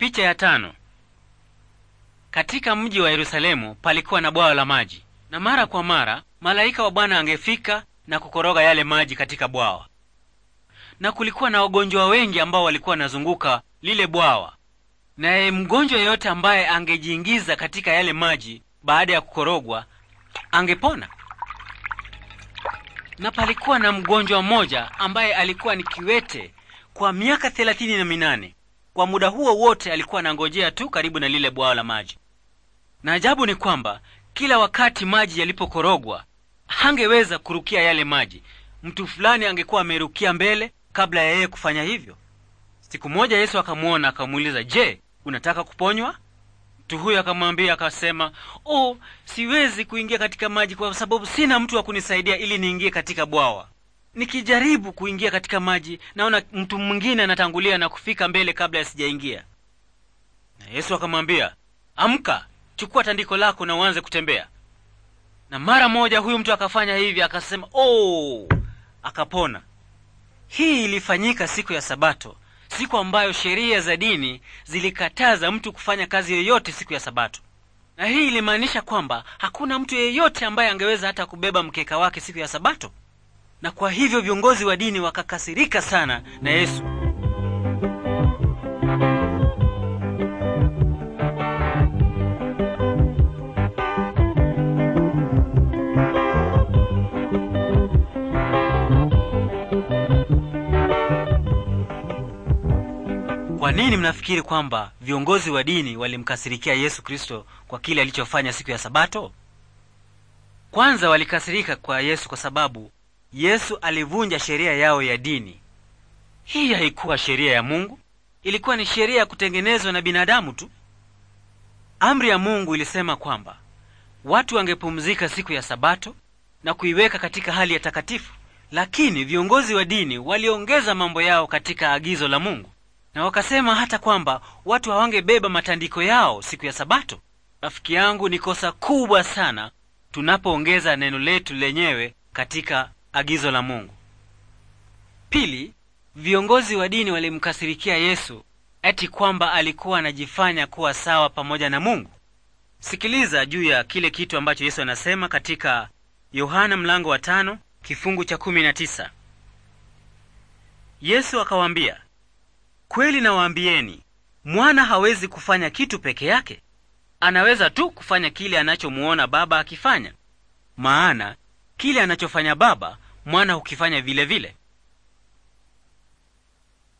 Picha ya tano. Katika mji wa Yerusalemu palikuwa na bwawa la maji, na mara kwa mara malaika wa Bwana angefika na kukoroga yale maji katika bwawa. Na kulikuwa na wagonjwa wengi ambao walikuwa wanazunguka lile bwawa, naye mgonjwa yeyote ambaye angejiingiza katika yale maji baada ya kukorogwa angepona. Na palikuwa na mgonjwa mmoja ambaye alikuwa ni kiwete kwa miaka thelathini na minane. Kwa muda huo wote alikuwa anangojea tu karibu na lile bwawa la maji, na ajabu ni kwamba kila wakati maji yalipokorogwa, hangeweza kurukia yale maji. Mtu fulani angekuwa amerukia mbele kabla ya yeye kufanya hivyo. Siku moja Yesu akamwona akamuuliza, je, unataka kuponywa? Mtu huyo akamwambia akasema, oh, siwezi kuingia katika maji kwa sababu sina mtu wa kunisaidia ili niingie katika bwawa nikijaribu kuingia katika maji naona mtu mwingine anatangulia na kufika mbele kabla yasijaingia Na Yesu akamwambia, amka, chukua tandiko lako na uanze kutembea. Na mara moja huyu mtu akafanya hivi, akasema oh, akapona. Hii ilifanyika siku ya Sabato, siku ambayo sheria za dini zilikataza mtu kufanya kazi yoyote siku ya Sabato, na hii ilimaanisha kwamba hakuna mtu yeyote ambaye angeweza hata kubeba mkeka wake siku ya Sabato na kwa hivyo viongozi wa dini wakakasirika sana na Yesu. Kwa nini mnafikiri kwamba viongozi wa dini walimkasirikia Yesu Kristo kwa kile alichofanya siku ya Sabato? Kwanza walikasirika kwa Yesu kwa sababu Yesu alivunja sheria yao ya dini. Hii haikuwa sheria ya Mungu, ilikuwa ni sheria ya kutengenezwa na binadamu tu. Amri ya Mungu ilisema kwamba watu wangepumzika siku ya Sabato na kuiweka katika hali ya takatifu, lakini viongozi wa dini waliongeza mambo yao katika agizo la Mungu na wakasema hata kwamba watu hawangebeba matandiko yao siku ya Sabato. Rafiki yangu, ni kosa kubwa sana tunapoongeza neno letu lenyewe katika agizo la Mungu. Pili, viongozi wa dini walimkasirikia Yesu eti kwamba alikuwa anajifanya kuwa sawa pamoja na Mungu. Sikiliza juu ya kile kitu ambacho Yesu anasema katika Yohana mlango wa tano kifungu cha kumi na tisa. Yesu akawaambia, kweli nawaambieni, mwana hawezi kufanya kitu peke yake, anaweza tu kufanya kile anachomuona Baba akifanya, maana Kile anachofanya Baba, mwana hukifanya vilevile.